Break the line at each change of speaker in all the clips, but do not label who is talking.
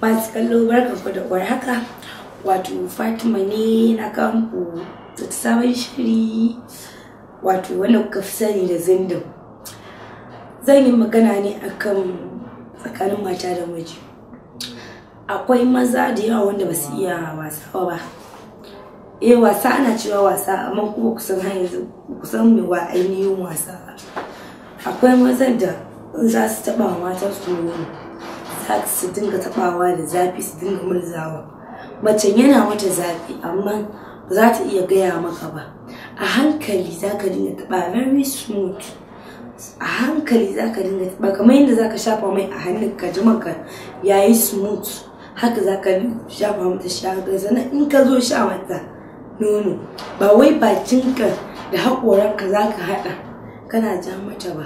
masu kallo barkanku da haka, wato fatima ne na kanku da sabon shiri wato wanda kuka fi sani da zindin zan yi magana ne akan tsakanin mata da miji akwai maza da yawa wanda ba su iya wasa ba eh wasa ana cewa wasa amma kuma kusan hanyar kusan mai wa ainihin wasa akwai maza da za su taba mata su tax su dinga tabawa da zafi su dinga murzawa macen yana mata zafi amma ba za ta iya gaya maka ba a hankali za ka dinga taba very smooth a hankali za ka dinga taba kamar yadda za ka shafa mai a hannun ka ji maka yayi smooth haka za ka shafa mata shafa sannan in ka zo sha mata nono ba wai bakinka da haƙoranka za ka haɗa kana ja mata ba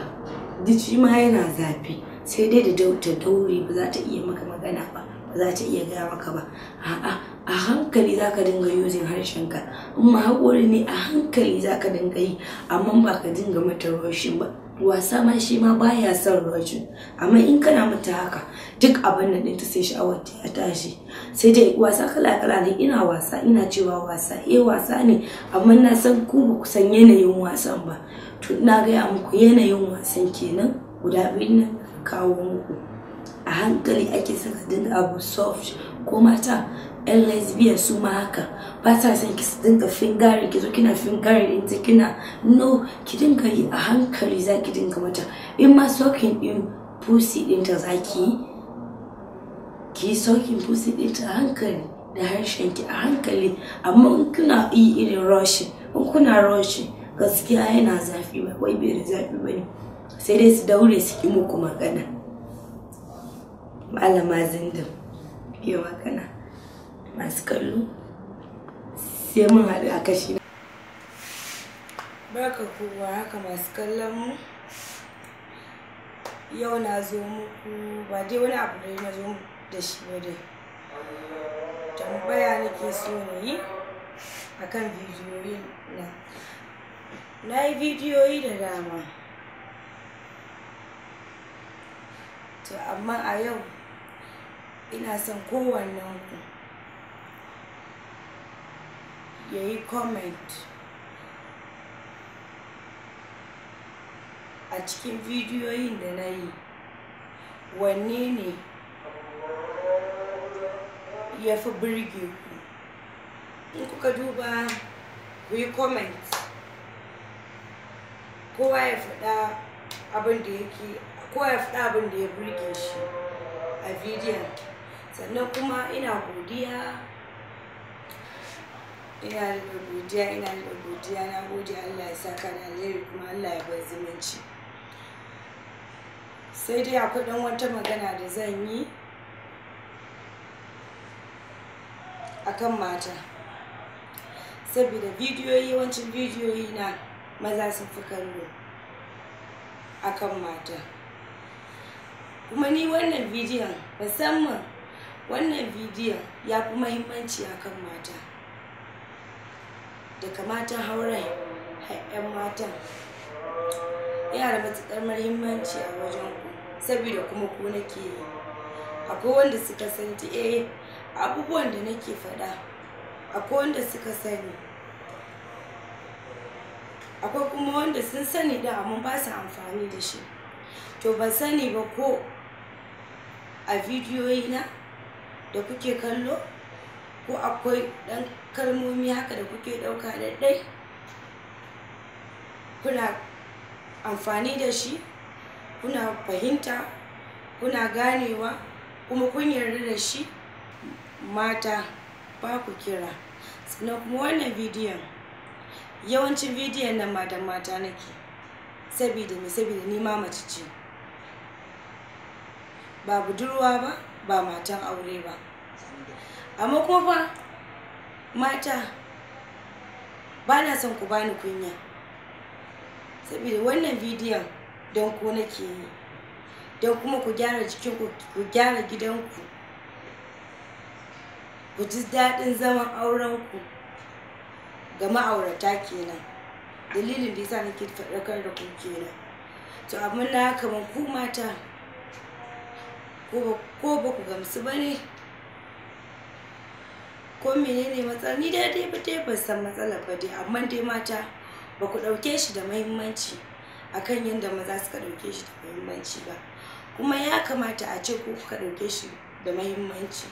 duk shi ma yana zafi sai dai da ta daure ba za ta iya maka magana ba ba za ta iya gaya maka ba a'a a hankali za ka dinga yuzin ka in ma haƙori ne a hankali za ka dinga yi amma ba ka dinga mata roshin ba wasa ma shi ma baya son roshin amma in kana mata haka duk abin da ɗinta sai sha'awar ta tashi sai dai wasa kala kala ne ina wasa ina cewa wasa eh wasa ne amma na san ku ba ku san yanayin wasan ba to na gaya muku yanayin wasan kenan guda biyu na kawo muku a hankali ake saka dinga abu soft ko mata yan lesbian su ma haka ba ta son ki dinga fingari ki zo kina fingarin ta kina no ki dinga yi a hankali za ki dinga mata in ma sokin ɗin pussy ta za ki yi ki yi sokin pussy a hankali da harshen ki a hankali amma in kuna yi irin rushin in kuna rushin gaskiya yana zafi ba wai bai da zafi ba sai dai su daure su ki muku magana malama zindin ke magana masu kallo sai mun haɗu a kashi na barka kowa haka masu kallon mu yau na zo muku ba dai wani abu da na zo da shi ba dai tambaya nake so ne yi akan bidiyoyi na na yi bidiyoyi da dama to amma a yau ina son kowannen ku ya yi comment a cikin bidiyoyin da na yi wanne ne ya fi birge ku in kuka duba ku yi comment kowa ya faɗa abin da yake ko ya faɗa abin da ya burge shi a bidiyon sannan kuma ina godiya ina da godiya ina da godiya na gode Allah ya saka na alheri kuma Allah ya bar zumunci sai dai akwai dan wata magana da zan yi akan mata saboda bidiyoyi yawancin bidiyoyi na maza sun fi kallo akan mata kuma ni wannan bidiyon musamman wannan bidiyon ya fi mahimmanci akan mata daga matan hauren yan matan yana da matuƙar mahimmanci a wajen ku saboda kuma ku nake yi akwai wanda suka sani eh abubuwan da nake faɗa akwai wanda suka sani akwai kuma wanda sun sani da amma ba su amfani da shi to ban sani ba ko a na da kuke kallo ko akwai ɗan kalmomi haka da kuke ɗauka da kuna amfani da shi kuna fahimta kuna ganewa kuma kun yarda da shi mata ba ku kira sannan kuma wannan bidiyon yawancin bidiyon nan mata mata nake sabida sabida ni ma mace ce ba budurwa ba ba matan aure ba amma kuma fa mata ba na son ku bani kunya saboda wannan bidiyon don ku nake yi don kuma ku gyara cikin ku gyara gidanku ku ji daɗin zaman aurenku ga ma'aurata kenan dalilin da yasa nake faɗakar da ku kenan to abin na haka ku mata ko ba ku gamsu ba ne ko menene matsala ni dai dai dai ban san matsala ba dai amma dai mata ba ku ɗauke shi da muhimmanci akan yadda maza suka ɗauke shi da muhimmanci ba kuma ya kamata a ce ku kuka ɗauke shi da muhimmanci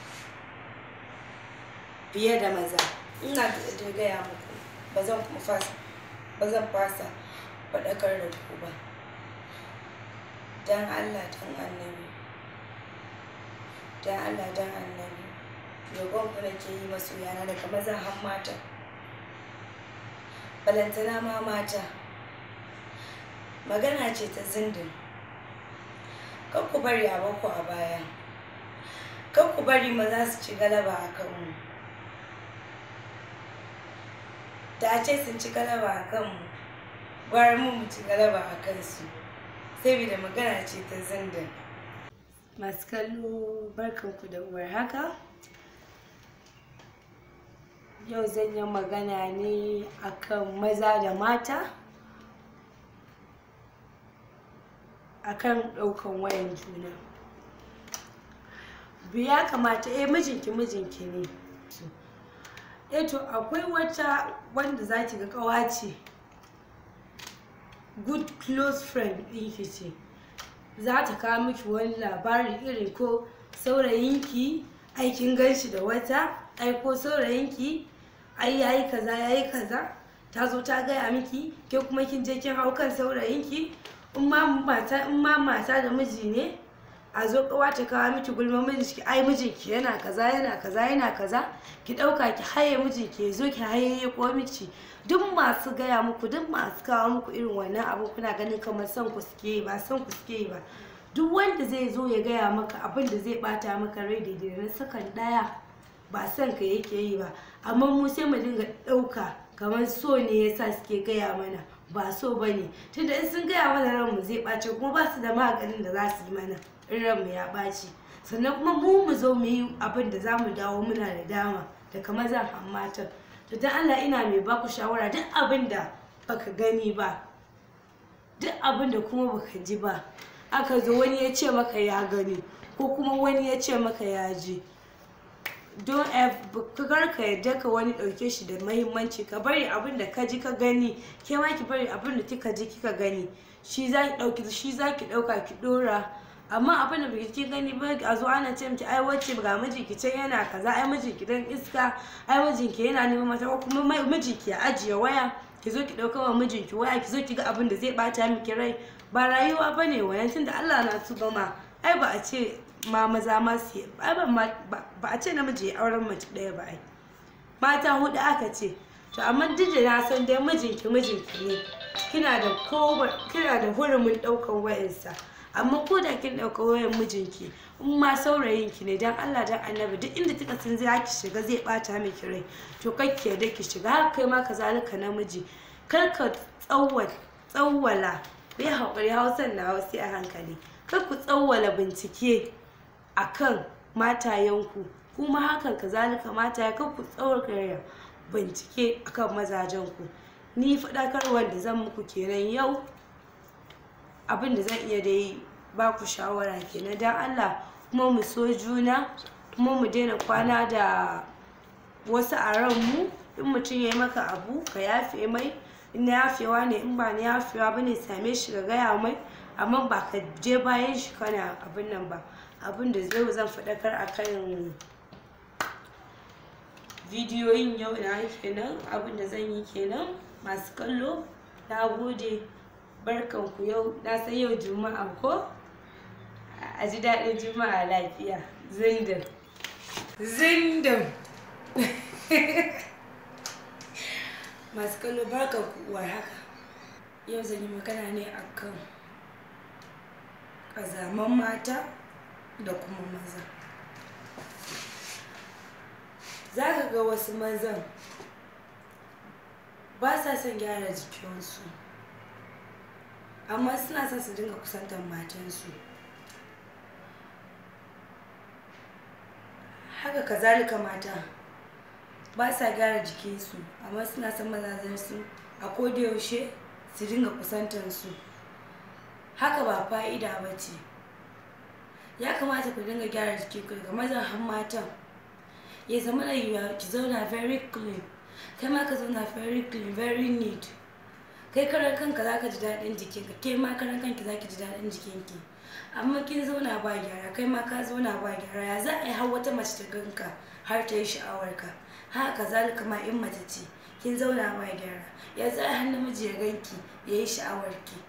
fiye da maza ina da gaya muku ba zan kuma fasa ba zan fasa faɗakar da ku ba don Allah don annabi Da Allah dan annabi roƙon ku ke yi masoyana daga maza har mata balantana ma mata magana ce ta zindin kan ku bari a bako a baya kan ku bari maza su ci galaba a kanmu da ce sun ci galaba a kanmu gwarmu mu ci galaba a kansu da magana ce ta zindin masu kallo barkanku da uwar haka yau zan yi magana ne akan maza da mata akan ɗaukan wayan juna biya kamata eh mijinki mijinki ne eh to akwai wata wanda zaki ga kawace good close friend ɗinki ce za ta kawo miki wani labarin irin ko saurayinki aikin ganshi da wata ai ko saurayinki ai yayi kaza yayi kaza ta zo ta gaya miki ke kuma kin je kin hau kan saurayinki in ma mata da miji ne a zo kawa ta kawo miki gulma mijinki ai mijinki yana kaza yana kaza yana kaza ki dauka ki haye mijinki ya zo ki haye ya ko miki duk masu gaya muku duk masu kawo muku irin wannan abu kuna ganin kamar son ku suke ba son ku suke ba duk wanda zai zo ya gaya maka abin da zai bata maka rai da dare sakan daya ba son ka yake yi ba amma mu sai mu dinga dauka kamar so ne yasa suke gaya mana ba so ba ne da in sun gaya mana ranmu zai ɓace kuma ba su da maganin da za su yi mana in ranmu ya ɓace sannan kuma mu mu zo mu yi abin da za mu dawo muna da dama da kamar zan hammatar to dan allah ina mai baku shawara duk abin da baka gani ba duk abin da kuma baka ji ba aka zo wani ya ce maka ya gani ko kuma wani ya ce maka ya je don kar ka yarda ka wani ɗauke shi da mahimmanci ka bari abin da ka ji ka gani ke ma ki bari abin da kika ji kika gani shi za ki ɗauki shi za ki ɗauka ki ɗora amma abin da ba ki gani ba a zo ana ce miki ai wacce ga mijinki can yana kaza ai mijinki dan iska ai ki yana neman mata ko kuma mijinki ya ajiye waya ki zo ki ɗauka wa mijinki waya ki zo ki ga abin da zai ɓata miki rai ba rayuwa bane wayan tunda Allah na tuba ma ai ba a ce ma maza ma su ba Ba a ce namiji ya auren mace ɗaya ba ai mata hudu aka ce to amma na san dai mijinki mijinki ne kina da kina da hurumin ɗaukan wayansa amma ko da kin ɗauka wayan mijinki in ma saurayinki ne dan Allah dan Annabi duk inda kika san zai haki shiga zai bata miki rai to kakke da ki shiga har kai ma zalika namiji kar ka tsawwala bai yi hausan na wasi a hankali kar ku tsawwala bincike akan ku kuma hakan kazalika mataye ya ku tsaurara bincike akan ku ni faɗakarwar da zan muku kenan yau abin da zan iya dai ba ku shawara kenan don allah kuma mu so juna kuma mu daina kwana da wasu a mu in mutum ya yi maka abu ka yafe mai in na yafewa ne in ba na yafewa ba ne same shi ga gaya mai amma ba ka je bayan shi kana abin nan ba abin da zai zan faɗakar a kan bidiyoyin yau na nan abin da zan yi kenan masu kallo na gode barkanku yau na san yau juma'a ko a ji daɗin juma'a lafiya zindin zindin masu kallo barkanku war haka yau zan yi magana ne akan ƙazaman mata da kuma maza za ka ga wasu mazan ba sa son gyara jikinsu amma suna son su dinga kusantar matansu haka kazalika mata ba sa gyara jikinsu amma suna son mazazansu a kodayaushe su dinga kusantar su haka ba fa'ida ba ce ya kamata ku dinga gyara jiki ku ga mazan har matan ya zama da yiwuwa ki zauna very clean kai ma ka zauna very clean very neat kai karan kanka za ka ji daɗin jikinka kai ma karan kanki za ki ji daɗin jikinki amma kin zauna ba gyara kai ma ka zauna ba gyara ya za a yi har wata mace ta ganka har ta yi sha'awarka haka zalika ma in mace ce kin zauna ba gyara ya za a yi har namiji ya ganki ya yi sha'awarki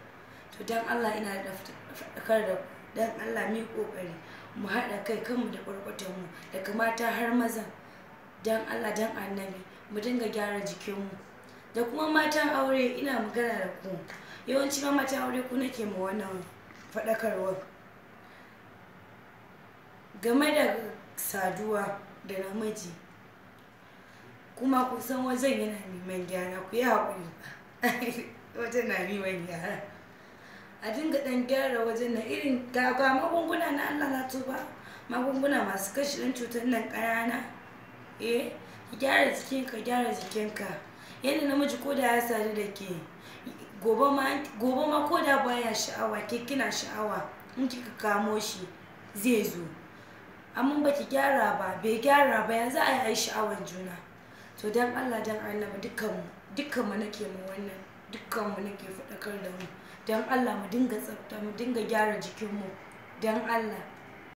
to dan Allah ina da fadakar da dan Allah mi kokari mu haɗa kai kanmu da ƙwarƙwatar mu daga mata har maza dan Allah dan annabi mu dinga gyara jikinmu da kuma matan aure ina magana da ku yawanci ma matan aure ku nake mu wannan fadakarwa game da saduwa da namiji kuma kusan wajen yana neman gyara ku yi haƙuri wajen na neman a dinga dan gyara wajen na irin gaba magunguna na Allah na tuba magunguna masu kashe dan cutar nan ƙanana eh gyara jikinka gyara jikinka Yana namiji ko da ya sadu da ke gobe ma ko da baya sha'awa ke kina sha'awa in kika kamo shi zai zo amma baki gyara ba bai gyara ba yanzu a yi sha'awan juna to dan Allah dan Allah dukkan dukkan mu nake mu wannan dukkan mu nake faɗakar da mu don Allah mu dinga tsafta mu dinga gyara jikinmu don Allah